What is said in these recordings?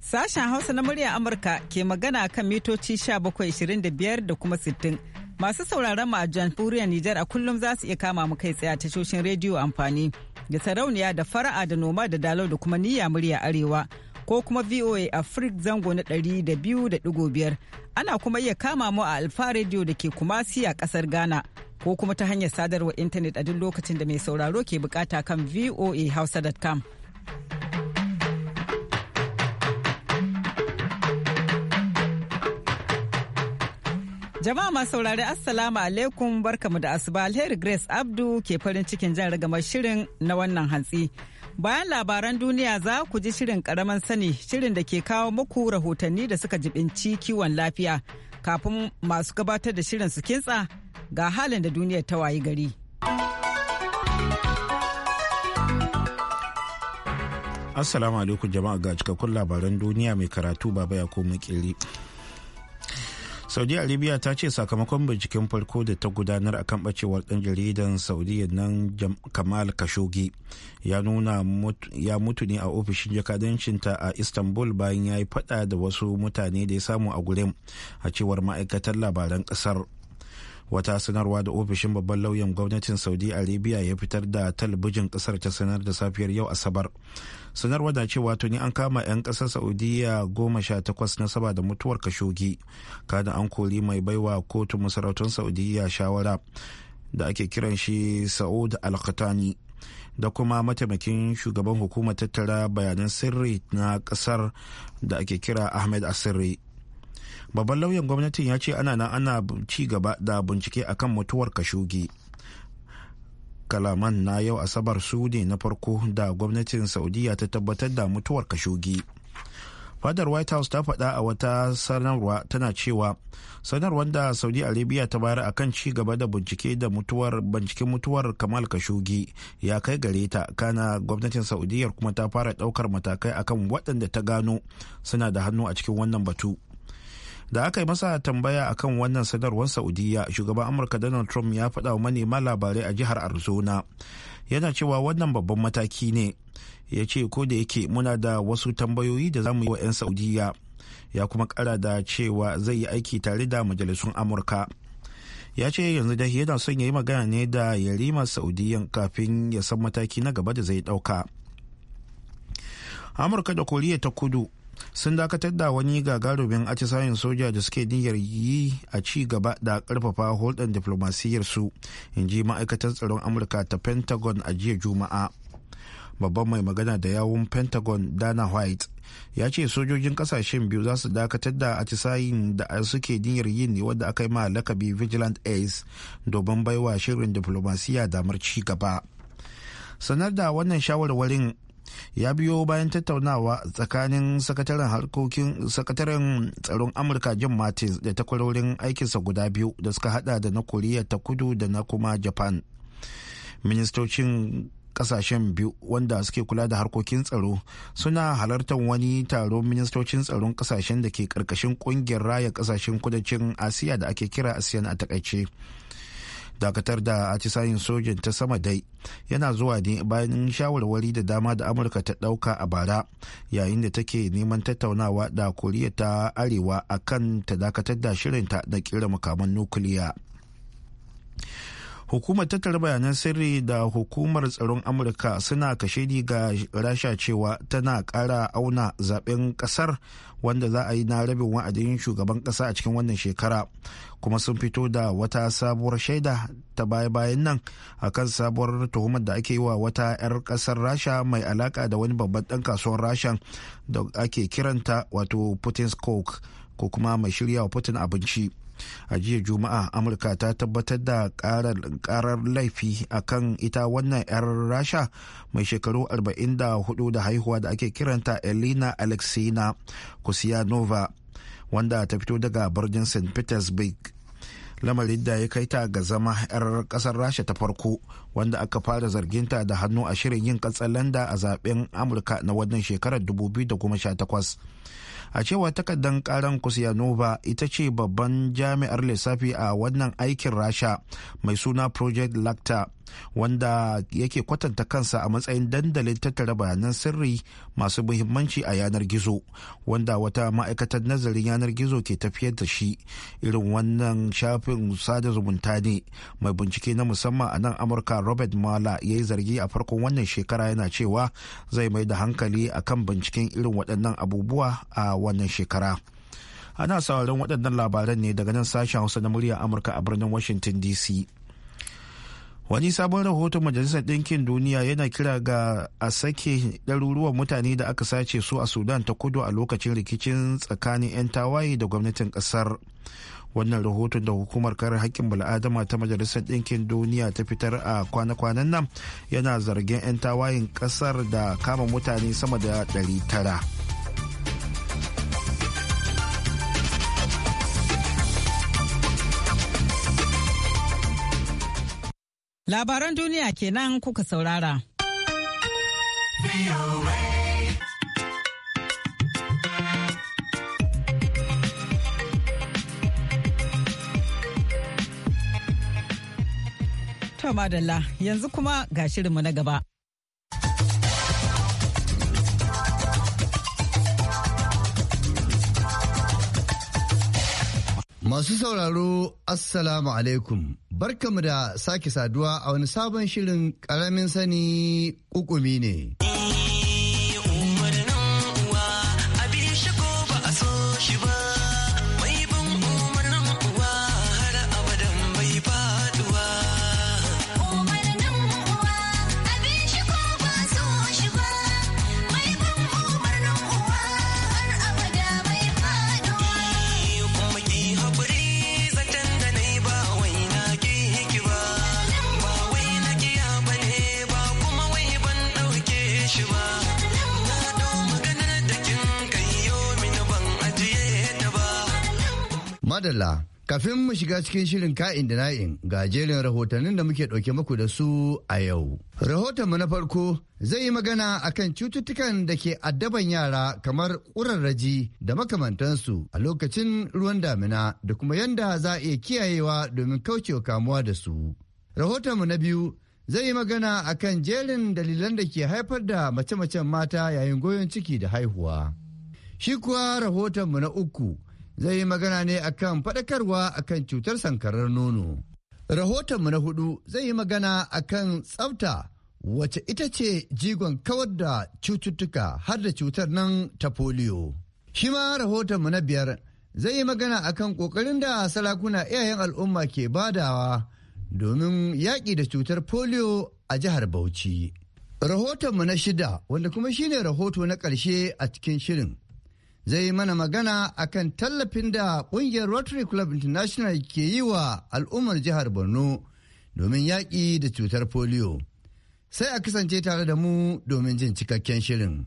Sashen Hausa na murya Amurka ke magana kan mitoci 1725 da kuma 60. Masu sauraron mu a jamhuriyar Nijar a kullum za su iya kama mu kai tsaye a tashoshin rediyo amfani da sarauniya da fara'a da noma da dalau da kuma niyya murya arewa ko kuma VOA Africa zango na 200.5 ana kuma iya kama mu a Alfa Radio da ke Kumasi a kasar Ghana. ko kuma ta hanyar sadarwar intanet a duk lokacin da mai sauraro ke bukata kan voahausa.com. Jama'a masu saurari Assalamu alaikum barkamu da asuba alheri Grace Abdu ke farin cikin jan ragamar shirin na wannan hantsi. Bayan labaran duniya za ku ji shirin karaman sani shirin da ke kawo muku rahotanni da suka jibinci kiwon lafiya kafin masu gabatar da shirin su kintsa ga halin da duniyar ta wayi gari. Assalamu alaikum jama'a ga cikakkun labaran duniya mai karatu baba ya koma kiri. saudi arabia ta ce sakamakon binciken farko da ta gudanar a kan bacewar dan jaridan saudiya nan kamal kashogi ya nuna ya mutu ne a ofishin jakadancinta a istanbul bayan ya yi fada da wasu mutane da ya samu a gurin a cewar ma'aikatar labaran kasar wata sanarwa da ofishin babban lauyan gwamnatin saudi arabia ya fitar da talabijin kasar ta sanar da safiyar yau asabar sanarwa da cewa tuni an kama 'yan kasar saudiya goma sha takwas na saba da mutuwar kashogi kada an kori mai baiwa kotu masarautun saudiya shawara da ake kiran shi sa'ud al da kuma mataimakin shugaban hukumar tattara bayanan sirri na kasar da ake kira ahmed asirri babban lauyan gwamnatin ya ce ana nan ana ci gaba da bincike akan mutuwar kashugi kalaman na yau asabar su ne na farko da gwamnatin saudiya ta tabbatar da mutuwar kashugi fadar white house ta faɗa a wata sanarwa tana cewa sanarwar da saudi arabia ta bayar akan ci gaba da bincike da mutuwar binciken mutuwar kamal kashugi ya kai gare ta kana gwamnatin saudiyyar kuma ta fara ɗaukar matakai akan waɗanda ta gano suna da hannu a cikin wannan batu da aka yi masa tambaya akan wannan sadarwar saudiya shugaban amurka donald trump ya faɗa wa manema labarai a jihar arizona yana cewa wannan babban mataki ne ya ce ko da yake muna da wasu tambayoyi da za mu yi wa 'yan saudiya ya kuma kara da cewa zai yi aiki tare da majalisun amurka ya ce yanzu dai yana son ya yi magana ne da yarimar saudiyan kafin ya san mataki na gaba da zai ɗauka amurka da koriya ta kudu sun dakatar da wani gagarumin atisayen soja da suke niyyar yi a ci gaba da karfafa hulɗar diflomasiyyar su in ji ma'aikatar tsaron amurka ta pentagon a jiya juma'a babban mai magana da yawun pentagon dana white ya ce sojojin kasashen biyu za su dakatar da atisayin da suke niyyar yin ne wadda aka yi ma lakabi vigilant ace domin baiwa shirin diflomasiyya damar ci gaba sanar da wannan shawarwarin ya biyo bayan tattaunawa tsakanin sakataren harkokin sakataren tsaron amurka john martins da takwarorin aikinsa guda biyu da suka hada da na koriya ta kudu da na kuma japan ministocin kasashen biyu wanda suke kula da harkokin tsaro suna halartar wani taron ministocin tsaron kasashen da ke karkashin kungiyar raya kasashen kudancin asiya da ake kira asiyan a takaice dakatar da atisayin sojin ta sama dai yana zuwa ne bayan shawarwari da dama da amurka ta dauka a bara yayin da take neman tattaunawa da koriya ta arewa akan ta dakatar da shirinta da kira makaman nukiliya hukumar tattara bayanan sirri da hukumar tsaron amurka suna kashe ni ga rasha cewa tana kara auna zaben kasar wanda za a yi na rabin wa'adin shugaban kasa a cikin wannan shekara kuma sun fito da wata sabuwar shaida ta baya-bayan nan akan sabuwar tuhumar da ake yi wa wata 'yar kasar rasha mai alaka da wani babban dan kasuwar rashan da ake kiranta wato putin's coke ko kuma mai shirya wa putin abinci a jiya juma'a amurka ta tabbatar da karar laifi akan ita wannan 'yar rasha mai shekaru 44 da haihuwa da ake kiranta elena alexina kusiyanova wanda ta fito daga birnin st petersburg lamarin da ya kai ta ga zama 'yar kasar rasha ta farko wanda aka fara zarginta da hannu a shirin yin katsalanda a zaben amurka na wannan shekarar 2018 a cewa takardar karan kusiyanova ita ce babban jami'ar lissafi a wannan aikin rasha mai suna project lacta wanda yake kwatanta kansa a matsayin dandalin tattara bayanan sirri masu muhimmanci a yanar gizo wanda wata ma'aikatar nazarin yanar gizo ke tafiyar da shi irin wannan shafin sada zumunta ne mai bincike na musamman a nan amurka robert mala ya yi zargi a farkon wannan shekara yana cewa zai mai da hankali akan binciken irin waɗannan abubuwa a wannan shekara ana sauraron waɗannan labaran ne daga nan sashen hausa na murya amurka a birnin washington dc wani sabon rahoton majalisar ɗinkin duniya yana kira ga a sake ɗaruruwan mutane da aka sace su a sudan ta kudu a lokacin rikicin tsakanin 'yan tawaye da gwamnatin ƙasar wannan rahoton da hukumar kare haƙƙin Bala'adama ta majalisar ɗinkin duniya ta fitar a kwana-kwanan nan yana zargin 'yan tawayen ƙasar da kama mutane sama da 900 Labaran duniya kenan kuka saurara. tomadala yanzu kuma ga shirinmu na gaba. Masu sauraro Assalamu alaikum barkamu da sake saduwa a wani sabon shirin ƙaramin sani ƙuƙumi ne. madalla kafin mu shiga cikin shirin ka'in da na'in ga jerin rahotannin da muke ɗauke muku da su a yau. Rahotonmu na farko zai yi magana akan cututtukan da ke addaban yara kamar ƙurarraji da makamantansu a lokacin ruwan damina da kuma yadda za a iya kiyayewa domin kaucewa kamuwa da su. Rahotonmu na biyu zai yi magana akan jerin dalilan da ke haifar da mace-macen mata yayin goyon ciki da haihuwa. Shi kuwa rahotonmu na uku zai yi magana ne akan faɗakarwa akan cutar sankarar nono. Rahotonmu na hudu zai yi magana akan tsafta wacce ita ce jigon kawar da cututtuka har da cutar nan ta foliyo. Shi ma rahotonmu na biyar zai yi magana akan ƙoƙarin da salakuna iyayen al'umma ke badawa domin yaƙi da cutar foliyo a jihar Bauchi. Rahotonmu na shida wanda kuma shine rahoto na ƙarshe a cikin shirin zai yi mana magana akan tallafin da kungiyar Rotary Club International ke yi wa al'ummar jihar Borno domin yaƙi da cutar polio. Sai a kasance tare da mu domin jin cikakken shirin.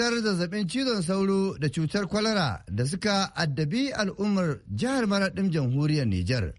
cutar zazzabin cizon sauro da cutar kwalara da suka addabi al'ummar jihar maraɗin jamhuriyar Nijar.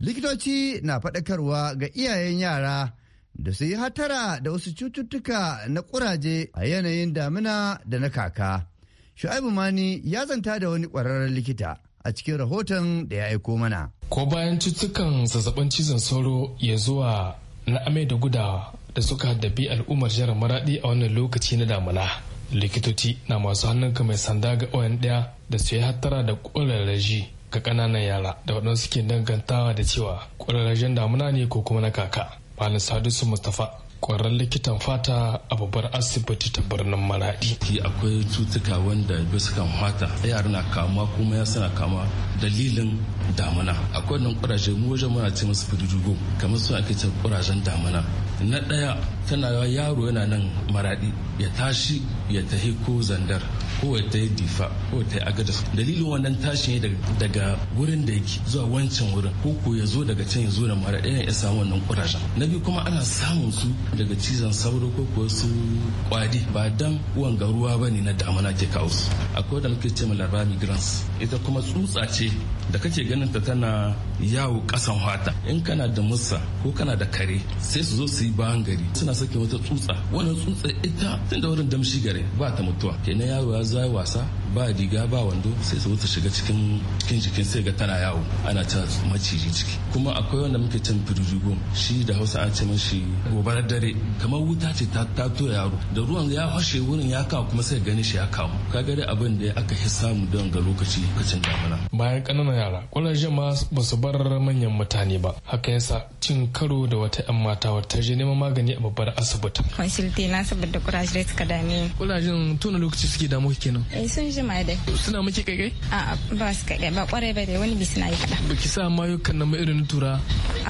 Likitoci na faɗakarwa ga iyayen yara da su yi hatara da wasu cututtuka na ƙuraje a yanayin damina da na kaka. Shu'aibu Mani ya zanta da wani ƙwararren likita a cikin rahoton da ya aiko mana. Ko bayan cututtukan zazzabin cizon sauro ya zuwa na amai da gudawa da suka haddabi al'ummar jihar maradi a wannan lokaci na damuna likitoci na masu hannunka mai sanda ga oyan ɗaya da su yi hattara da ƙwararraji ga ƙananan yara da waɗansu ke dangantawa da cewa ƙwararrajen damuna ne ko kuma na kaka malam sadusu mustafa kwarar likitan fata a babbar asibiti ta birnin maradi ki akwai cutuka wanda bisa kan fata yara na kama kuma ya suna kama dalilin damuna akwai nan kuraje mu wajen muna ce masu fududugo kamar suna ake ce kurajen damana na ɗaya tana yaro yana nan maraɗi ya tashi ya tahi ko zandar kowai ta yi difa kowai ta yi agadas dalilin wannan tashin daga wurin da yake zuwa wancan wurin ko ko ya zo daga can ya zo da mara ɗaya ya samu wannan kurajen na biyu kuma ana samun su daga cizon sauro ko ko su kwadi ba dan uwan garuwa ba ne na damana ke kawo su akwai da muke ce larva migrants ita kuma tsutsa ce da kake ganin ta tana yawo kasan fata. in kana da musa ko kana da kare sai su zo su yi bayan gari suna sake wata tsutsa wannan tsutsa ita tun da wurin damshi gare ba ta mutuwa kenan yaro ya za wasa ba riga ba wando sai su wuce shiga cikin cikin jikin sai ga tana yawo ana ta maciji ciki kuma akwai wanda muke can firirigo shi da hausa an ce mashi gobarar dare kamar wuta ce ta tato yaro da ruwan ya hashe wurin ya kawo kuma sai gani shi ya kawo kaga dai abin da aka hisa samu don ga lokaci lokacin damuna bayan kananan yara kwalajen ma ba su bar manyan mutane ba haka yasa cin karo da wata yan mata wata je neman magani a babbar asibiti consultation na saboda kuraje suka dame kurajen tona lokaci suke damu kenan eh, jima dai suna miki kai kai a ba su kai ba kwarai ba dai wani bi suna yi kada ba ki sa mayukan na irin tura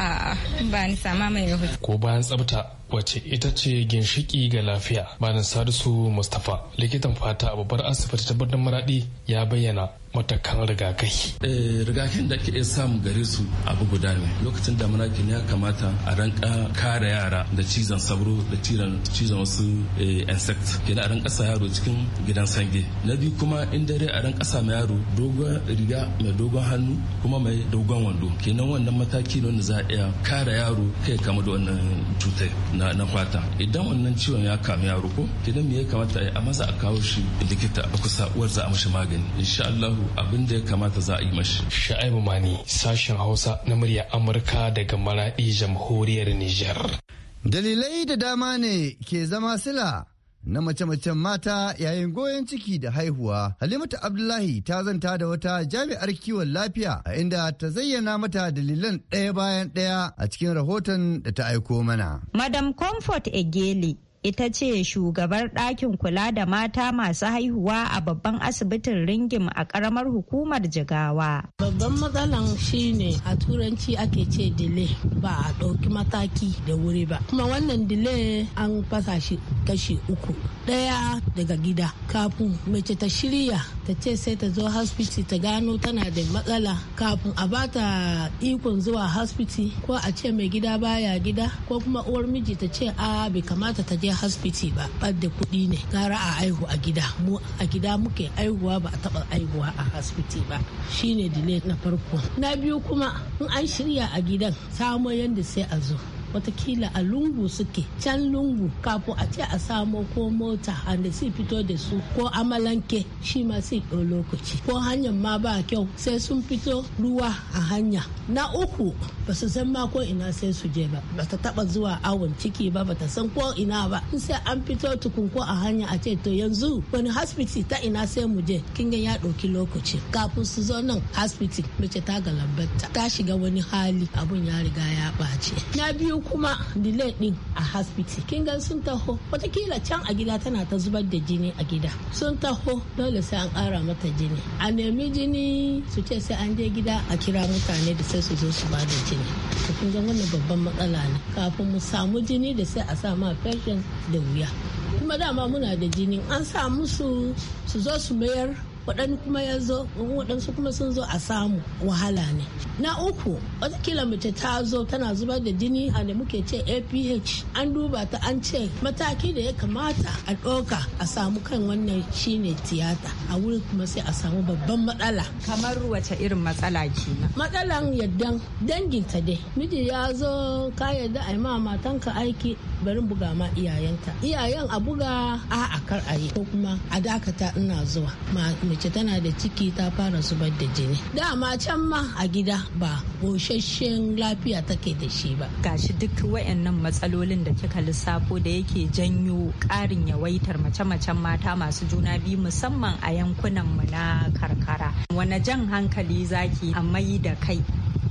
a ba ni sama mai ko bayan tsafta Wace ita ce ginshiki ga lafiya bayan sadisu mustapha likitan fata a babbar asibiti ta birnin maradi ya bayyana matakan rigakafi. Eh, rigakafin da ake samu gare su abu guda ne lokacin da muna ya kamata a ranka kare yara da cizon sabro da cizon wasu eh, insect ke a ranka sa yaro cikin gidan sange na biyu kuma in dare a ranka sa ma yaro dogon riga mai dogon hannu kuma mai dogon wando kenan wannan mataki ne wanda za a iya kare yaro kai kama da wannan cutar na kwata idan wannan ciwon ya kama yaro ko idan me ya kamata a za a kawo shi likita a kusa uwar za a mashi magani insha Allah abin da ya kamata za a yi mashi Sha'ibu Mani sashen Hausa na murya Amurka daga Maradi jamhuriyar Nijar. dalilai da dama ne ke zama sila na mace-macen mata yayin goyon ciki da haihuwa. Halimatu Abdullahi ta zanta da wata jami'ar kiwon lafiya a inda ta zayyana mata dalilan ɗaya bayan ɗaya a cikin rahoton da ta aiko mana. Madam Comfort Egele ita ce shugabar ɗakin kula da mata masu haihuwa a babban asibitin ringim a ƙaramar hukumar jigawa. Babban matsalan shine a turanci ake ce dile ba a ɗauki mataki da wuri ba. Kuma wannan dile an fasa shi kashi uku ɗaya daga gida kafin mace ta shirya ta ce sai ta zo hasbiti ta gano tana da matsala kafin a bata ikon zuwa hasbiti ko a ce mai gida baya gida ko kuma uwar miji ta ce a bai kamata ta je hasbiti ba da kuɗi ne gara a aihu a gida mu a gida muke aihuwa ba a taɓa aihuwa a hasbiti ba shine dile na farko na biyu kuma in an shirya a gidan samo yadda sai a zo watakila a lungu suke can lungu kafin a ce a samo ko mota da sai fito da su ko amalanke shi ma sai ɗau lokaci ko hanyar ma ba kyau sai sun fito ruwa a hanya na uku ba su san ma ko ina sai su je ba ba ta taba zuwa awon ciki ba ba ta san ko ina ba in sai an fito tukun ko a hanya a ce to yanzu wani hasbiti ta ina sai mu je kin ga ya ɗauki lokaci kafin su zo nan hasbiti mace ta galabarta ta shiga wani hali abun ya riga ya ɓace na biyu kuma delay din a hospital kin gan sun taho wata kila can a gida tana ta zubar da jini a gida sun taho dole sai an kara mata jini a nemi jini su ce sai an je gida a kira mutane da sai su zo su bada jini to kun gan wannan babban matsala ne kafin mu samu jini da sai a sa ma fashion da wuya kuma dama muna da jini an sa musu su zo su mayar waɗan kuma ya zo waɗansu kuma sun zo a samu wahala ne na uku watakila mace ta zo tana zubar da jini a da muke ce aph an duba ta an ce mataki da ya kamata a ɗauka a samu kan wannan shine tiyata a wuri kuma sai a samu babban matsala kamar wace irin matsala ke matsalan yaddan ta dai miji ya zo ka yadda a yi ma matanka aiki barin buga ma iyayenta iyayen a buga a a kar a yi ko kuma a dakata ina zuwa mace tana da ciki ta fara zubar da jini dama can ma a gida ba goshashen lafiya take da shi ba gashi duk wayannan matsalolin da kika lissafo da yake janyo ƙarin yawaitar mace-macen mata masu juna biyu musamman a yankunan mu na karkara wane jan hankali zaki a mai da kai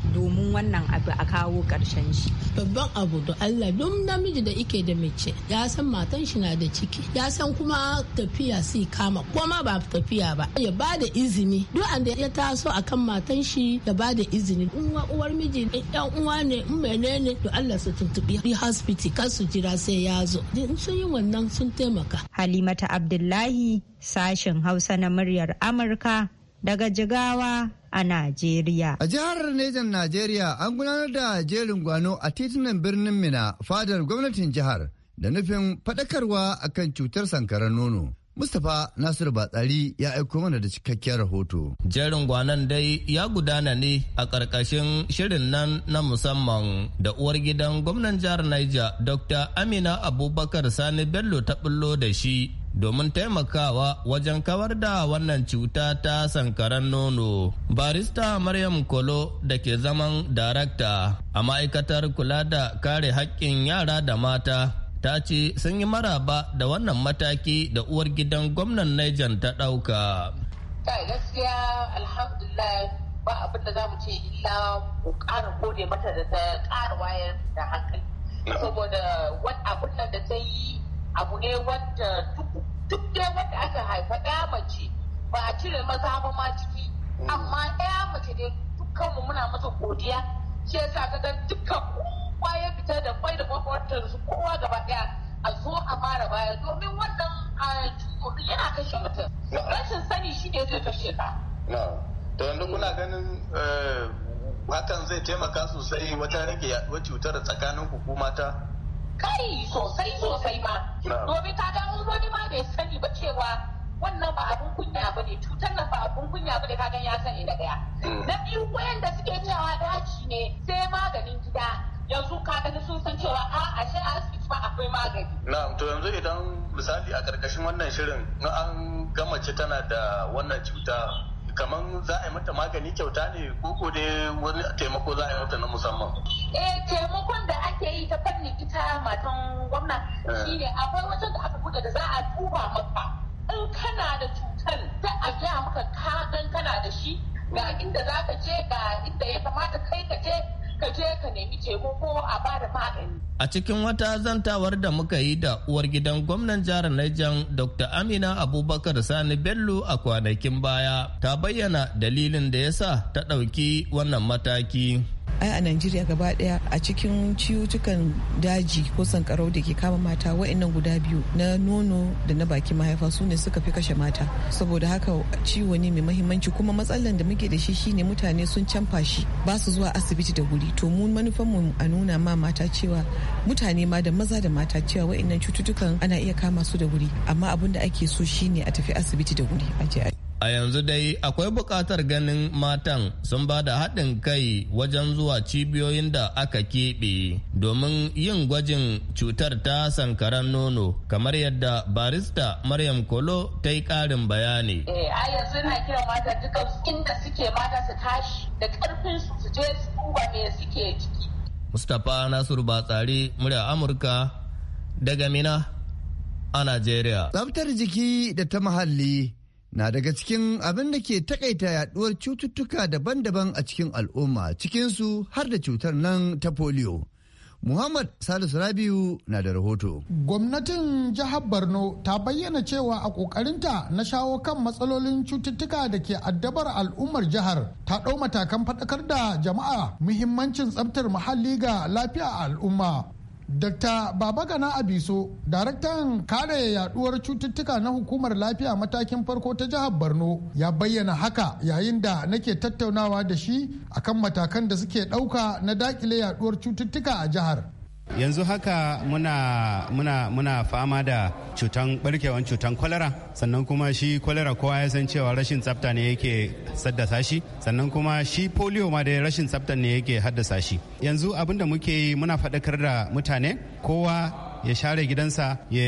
domin wannan abu a kawo karshen shi. Babban abu da Allah duk namiji da ike da mace ya san matan shi na da ciki ya san kuma tafiya sai kama kuma ba tafiya ba ya ba da izini duk da ya taso akan matan shi da ba da izini in uwar miji ɗan uwa ne in menene to Allah su tuntubi bi hospital kar su jira sai ya zo in sun yi wannan sun taimaka. Halimata Abdullahi sashen Hausa na muryar Amurka daga Jigawa a Najeriya. A jihar Nejan Najeriya an gudanar da jerin gwano a titunan birnin Mina fadar gwamnatin jihar da nufin faɗakarwa kan cutar sankarar nono. Mustapha Nasiru Batsari ya aiko mana da cikakkiyar rahoto. Jerin gwanan dai ya gudana ne a ƙarƙashin shirin nan na musamman da uwar gidan gwamnan jihar Niger Dr. Amina Abubakar Sani Bello ta bullo da shi domin taimakawa wajen kawar da wannan cuta ta sankaran nono. Barista Maryam Kolo da ke zaman darakta a ma'aikatar kula da kare haƙƙin yara da mata ta ce sun yi maraba da wannan mataki da uwar gidan gwamnan Niger ta ɗauka. gaskiya alhamdulillah ba abin da za illa mu gode mata da ta ƙara wayar da hankali. Saboda wani abin da ta yi abu ne wanda duk dai wanda aka haifa ɗaya mace ba a cire maza ba ma ciki mm. amma ɗaya mace dai dukkanmu muna masa godiya shi ya sa ga dukkan kowa ya fita da kwai da kwakwatar su kowa gaba ɗaya a zo a mara baya domin wannan a yana kashe mutum rashin sani shi ne zai kashe ka. to yanzu kuna ganin eh, hakan zai taimaka sosai wajen rage cutar tsakanin mata? kai sosai sosai ma domin ka ga wani ma bai sani ba cewa wannan ba abun kunya ba ne cutar nan ba abun kunya ba ne ka gan ya sani da ɗaya. Hmm. na biyu da suke cewa daci ne sai maganin gida yanzu ka gani sun san cewa a ashe a asibiti ba akwai magani na'am to yanzu idan misali a karkashin wannan shirin na an ga mace tana da wannan cuta kaman za a yi mata magani kyauta ne ko ko dai wani taimako za a yi mata na musamman eh taimakon da ake yi ta fannin ita matan gwamna eh. shine akwai wajen da aka buɗe da za a duba maka in kana da cutar ta a gaya maka ka kana da shi ga mm. inda za ka je ga inda ya kamata kai ka je ka je ka nemi taimako a bada magani. A cikin wata zantawar da muka yi da uwar gidan gwamnan jihar Niger Dr. Amina Abubakar Sani Bello a kwanakin baya ta bayyana dalilin da ya sa ta ɗauki wannan mataki. ai a najeriya gaba daya a cikin ciwutukan daji ko sankarau da ke kama mata wa'annan guda biyu na nono da na baki mahaifa su ne suka fi kashe mata saboda haka ciwo ne mai mahimmanci kuma matsalan da muke da shi shine mutane sun canfa shi ba su zuwa asibiti da wuri to mu a nuna ma mata cewa mutane ma da maza da mata cewa wa'annan cututtukan ana iya kama su da wuri amma abin da ake so shine a tafi asibiti da wuri a je A yanzu dai akwai buƙatar ganin matan sun ba da haɗin kai wajen zuwa cibiyoyin da aka keɓe domin yin gwajin cutar ta sankaran nono kamar yadda barista Maryam Kolo ta yi ƙarin bayani. Eh, a yanzu na kira mata duka inda suke mata su tashi da ƙarfin su su je suke ciki. Mustapha Nasiru Batsari, murya Amurka daga Mina a Najeriya. Tsaftar jiki da ta muhalli. na daga cikin abin da ke takaita yaduwar cututtuka daban-daban a cikin al'umma cikinsu har da cutar nan ta polio. Muhammad Salisu Rabiu na da rahoto. Gwamnatin jihar Borno ta bayyana cewa a ƙoƙarinta na shawo kan matsalolin cututtuka da ke addabar al'ummar jihar ta ɗau matakan faɗakar da jama'a muhimmancin tsabtar muhalli ga lafiya al'umma Dr. Babagana Abiso, daraktan kare yaduwar cututtuka na hukumar lafiya matakin farko ta jihar Borno, ya bayyana haka yayin da nake tattaunawa da shi akan matakan da suke dauka na dakile yaduwar cututtuka a jihar. yanzu haka muna muna muna fama da cutan barkewan cutan kwalara sannan kuma shi kwalara kowa ya san cewa rashin tsafta ne yake saddasa shi sannan kuma shi polio ma da rashin tsafta ne yake haddasa shi yanzu abin da muke yi muna faɗakar da mutane kowa ya share gidansa ya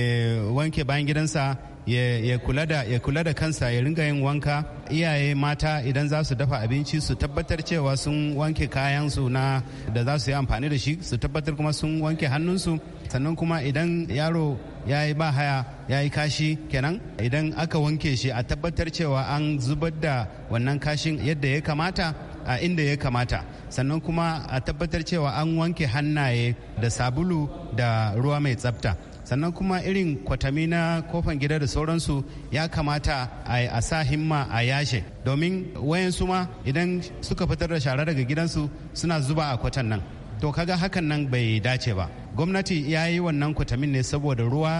wanke bayan gidansa ya kula da ya kula da kansa ya ringa yin wanka iyaye mata idan za su dafa abinci su tabbatar cewa sun wanke kayansu na da za su yi amfani da shi su tabbatar kuma sun wanke hannunsu sannan kuma idan yaro ya yi ba haya ya yi kashi kenan idan aka wanke shi a tabbatar cewa an zubar da wannan kashin yadda ya kamata a inda ya kamata sannan kuma a tabbatar cewa an wanke hannaye da sabulu da ruwa mai tsafta sannan kuma irin kwatami na kofan gida da sauransu ya kamata a sa himma a yashe domin wayansu ma idan suka fitar da shara daga gidansu suna zuba a kwatan nan to kaga hakan nan bai dace ba gwamnati ya yi wannan kwatamin ne saboda ruwa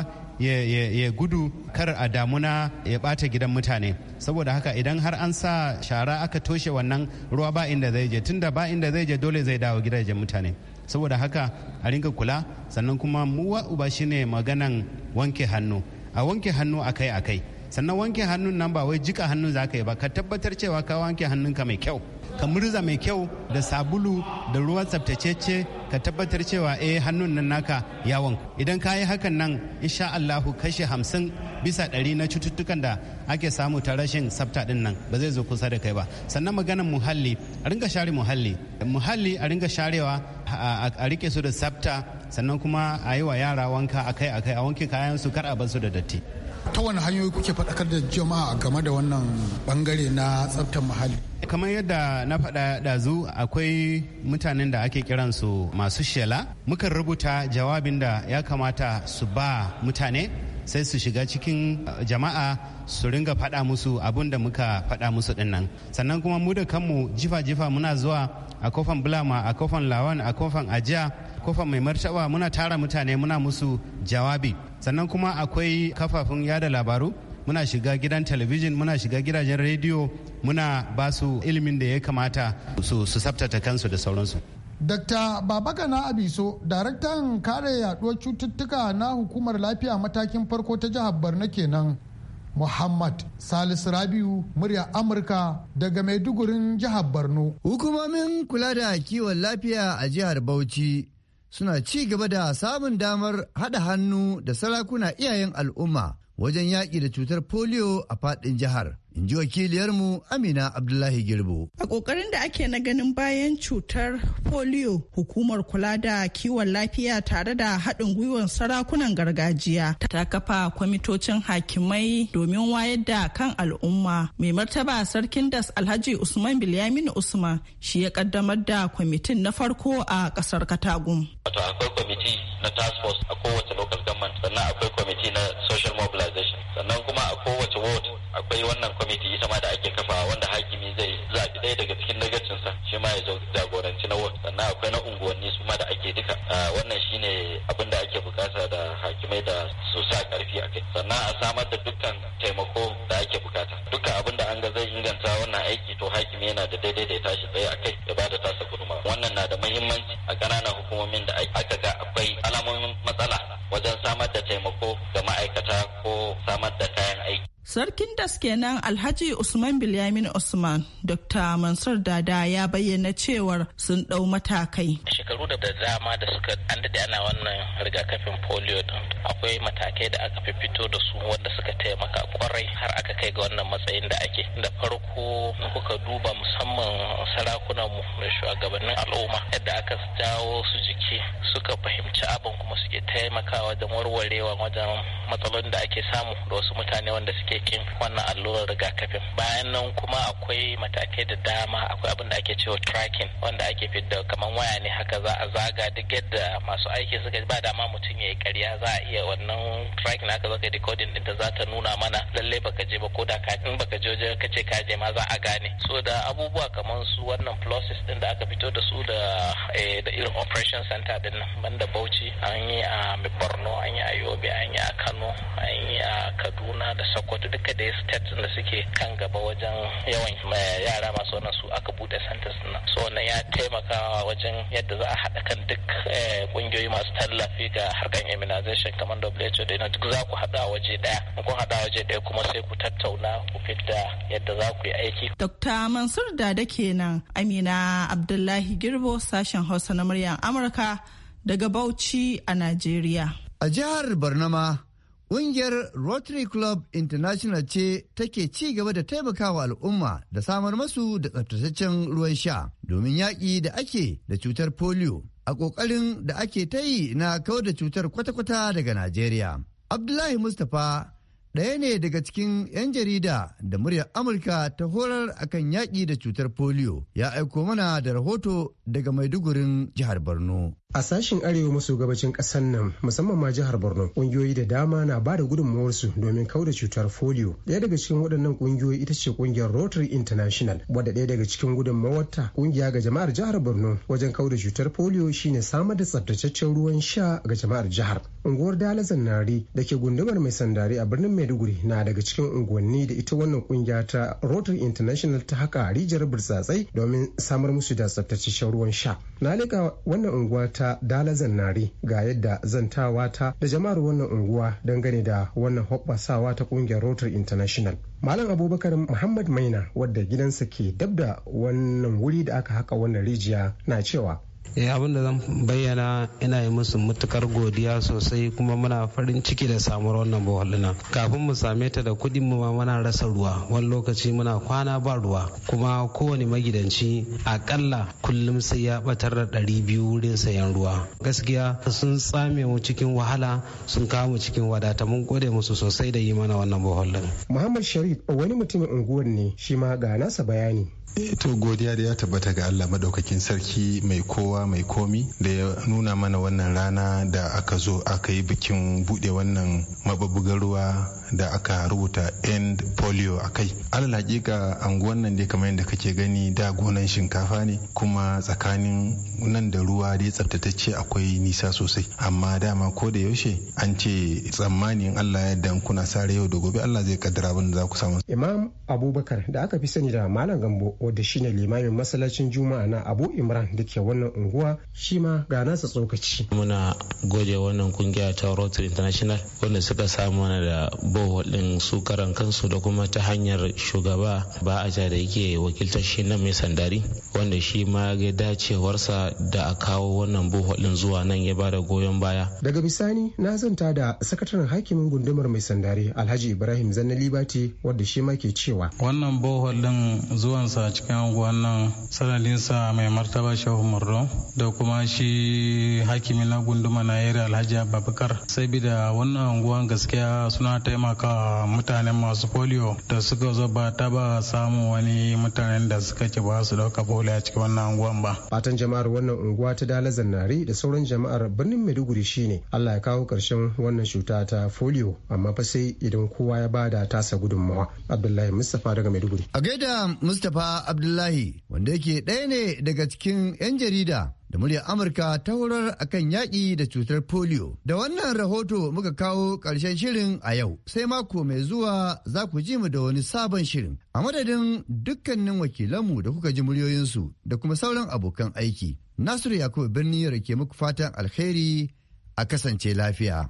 ya gudu kar a damuna ya bata gidan mutane saboda haka idan har an sa shara aka toshe wannan ruwa ba inda zai je tunda ba inda zai je dole zai dawo gidajen mutane saboda haka a ringa kula sannan kuma mu uba shine maganan wanke hannu a wanke hannu akai-akai sannan wanke hannun nan ba wai jika hannun za ka yi ba ka tabbatar cewa ka wanke hannunka mai kyau ka murza mai kyau da sabulu da ruwan tsaftacece ka tabbatar cewa eh hannun nan naka yawon idan ka yi hakan nan insha Allahu kashe hamsin bisa ɗari na cututtukan da ake samu ta rashin tsabta din nan ba zai zo kusa da kai ba sannan maganan muhalli a ringa share muhalli muhalli a ringa sharewa a rike su da tsafta sannan kuma a yi wa yara wanka akai-akai a wanke kayan su kar a bar su da datti ta wani hanyoyi kuke faɗakar da jama'a game da wannan bangare na tsaftar muhalli kamar yadda na faɗa ɗazu akwai mutanen da ake kiransu masu shela mukan rubuta jawabin da ya kamata su ba mutane sai su shiga cikin eh, jama'a su ringa faɗa musu abun da muka faɗa musu dinnan sannan kuma mu da kanmu jifa-jifa muna zuwa a kofan bulama a kofan lawan a kofan ajiya kofa mai martaba muna tara mutane muna musu jawabi sannan kuma akwai kafafun yada labaru muna shiga gidan talabijin muna shiga gidajen rediyo muna ba su ilimin da ya kamata su sabtata kansu da sauransu Dr. Babagana Abiso, daraktan kare yaduwar cututtuka na hukumar lafiya matakin farko ta jihar Borno kenan. Muhammad Salisu Rabiu murya Amurka daga Maidugurin jihar Borno. Hukumomin kula da kiwon lafiya a jihar Bauchi suna ci gaba da samun damar haɗa hannu da sarakuna iyayen al'umma wajen yaƙi da cutar polio a faɗin jihar in ji wakiliyarmu amina abdullahi girbo a kokarin da ake na ganin bayan cutar polio hukumar kula da kiwon lafiya tare da haɗin gwiwar sarakunan gargajiya ta kafa kwamitocin hakimai domin wayar da kan al'umma mai martaba sarkin das alhaji usman bilyamin usman shi ya kaddamar da kwamitin na farko a ƙasar katagun na task force a kowace local government sannan akwai kwamiti na social mobilization sannan kuma akwai akwai wannan kwamiti ita ma da ake kafa wanda hakimi zai zaɓi ɗaya daga cikin dagacinsa shi ma ya jagoranci na ward sannan akwai na unguwanni su ma da ake duka wannan shine abin da ake bukata da hakimai da su sa karfi a kai sannan a samar da dukkan taimako da ake bukata dukkan abin da an ga zai inganta wannan aiki to hakimi yana da daidai da ya tashi tsaye a kai ya bada tasa Tabbas kenan Alhaji Usman Bilyamin Usman, Dr. Mansur Dada ya bayyana cewar sun ɗau matakai. Shekaru da dama da suka da da ana wannan rigakafin polio din akwai matakai da aka fi fito da su wanda suka taimaka kwarai har aka kai ga wannan matsayin da ake da farko kuka duba musamman sarakunan mu da shugabannin al'umma yadda aka jawo su jiki suka fahimci abin kuma suke taimakawa wajen warwarewa wajen matsalolin da ake samu da wasu mutane wanda suke kin wannan allurar rigakafin bayan nan kuma akwai matakai da dama akwai abin da ake cewa tracking wanda ake fidda kamar waya ne haka za a zaga duk yadda masu aiki suka ba dama mutum ya yi karya za a iya wannan track naka zaka decoding din ta za ta nuna mana lalle baka je ba ko da ka in baka je ka ce ka je ma za a gane so da abubuwa kamar su wannan process din da aka fito da su da eh, da irin operation center din nan banda Bauchi an yi a Borno an yi a Yobe an yi a Kano an yi a Kaduna da Sokoto duka da state da suke kan gaba wajen yawan eh, yara masu wannan su aka bude centers din nan so wannan ya taimaka wajen yadda za a haɗa kan duk eh, kungiyoyi masu tallafi ga harkar immunization kamar WHO da duk za ku hada waje daya kun hada waje daya kuma sai ku tattauna ku fidda yadda za ku yi aiki. Dr. Mansur Dada kenan Amina Abdullahi Girbo sashen Hausa na muryar Amurka daga Bauchi a Najeriya. A jihar Barnama Ƙungiyar Rotary Club International ce take ci gaba da taimakawa al'umma da samar masu da tsaftataccen ruwan sha domin yaƙi da ake da cutar polio a ƙoƙarin da ake ta yi na kawar da cutar kwata-kwata daga Najeriya. Abdullahi Mustapha ɗaya ne daga cikin 'yan jarida da muryar Amurka ta horar akan yaƙi da cutar polio ya aiko mana da rahoto daga Maidugurin jihar Borno. A sashen arewa maso gabacin ƙasar nan musamman ma jihar Borno ƙungiyoyi da dama na ba da su domin kauda cutar folio. Ɗaya daga cikin waɗannan ƙungiyoyi ita ce ƙungiyar Rotary International wadda ɗaya daga cikin ta ƙungiya ga jama'ar jihar Borno wajen kauda cutar folio shine samar da tsaftataccen ruwan sha ga jama'ar jihar. Unguwar dalazan Nari da ke gundumar mai sandari a birnin Maiduguri na daga cikin unguwanni da ita wannan ƙungiya ta Rotary International ta haka rijiyar burtsatsai domin samar musu da tsaftataccen ruwan sha. Na wannan unguwa ta ta dala zannari ga yadda zantawa ta da jama'ar wannan unguwa dangane da wannan hoɓɓasawa ta ƙungiyar rotary international malam abubakar muhammad maina wadda gidansa ke dab da wannan wuri da aka haka wannan rijiya na cewa Eh abin da zan bayyana ina yi musu matukar godiya sosai kuma muna farin ciki da samuwar wannan bohol Kafin mu same ta da kuɗin mu ma muna rasa ruwa wani lokaci muna kwana ba ruwa kuma kowane magidanci akalla kullum sai ya batar da ɗari biyu wurin sayan ruwa. Gaskiya sun tsame mu cikin wahala sun kawo mu cikin wadata mun gode musu sosai da yi mana wannan bohol Muhammad Sharif wani mutumin unguwar ne shi ma ga nasa bayani. Eh, to godiya da ya tabbata ga Allah madaukakin sarki mai kowa mai komi da ya nuna mana wannan rana da aka zo aka yi bikin bude wannan mababbugar ruwa da aka rubuta end polio a kai alal hakika anguwan nan dai kamar yadda kake gani da gonan shinkafa ne kuma tsakanin nan da ruwa dai tsabtatacce akwai nisa sosai amma dama ko da yaushe an ce tsammanin allah yadda kuna sare yau da gobe allah zai kaddara abin da za ku samu imam abubakar da aka fi sani da malam gambo wanda shine limamin masallacin juma'a na abu imran da ke wannan unguwa shi ma ga nasa tsokaci muna gode wannan kungiya ta rotary international wanda suka samu mana da bohol din su karan kansu da kuma ta hanyar shugaba ba a da yake wakiltar shi nan mai sandari wanda shi ma ga dacewarsa da a kawo wannan buhu ɗin zuwa nan ya ba da goyon baya daga bisani na zanta da sakataren hakimin gundumar mai sandari alhaji ibrahim zanna libati wanda shi ma ke cewa wannan bohol din zuwansa cikin anguwan nan mai martaba shehu murdo da kuma shi hakimin na gunduma na yare alhaji abubakar sai bi da wannan anguwan gaskiya suna taimaka taimaka mutanen masu polio da suka zo ba ta ba samun wani mutanen da suka ci ba su dauka polio a cikin wannan unguwan ba. Fatan jama'ar wannan unguwa ta Dala Zannari da sauran jama'ar birnin Maiduguri shine Allah ya kawo karshen wannan cuta ta polio amma fa sai idan kowa ya bada tasa gudunmawa. Abdullahi Mustapha daga Maiduguri. A gaida Mustapha Abdullahi wanda yake ɗaya ne daga cikin 'yan jarida da muryar Amurka ta horar kan yaƙi da cutar polio. Da wannan rahoto muka kawo ƙarshen shirin a yau, sai mako mai zuwa za ku ji mu da wani sabon shirin. A madadin dukkanin wakilanmu da kuka ji muryoyinsu da kuma sauran abokan aiki. Nasiru Yakubu Birni ke muku fatan alheri a kasance lafiya.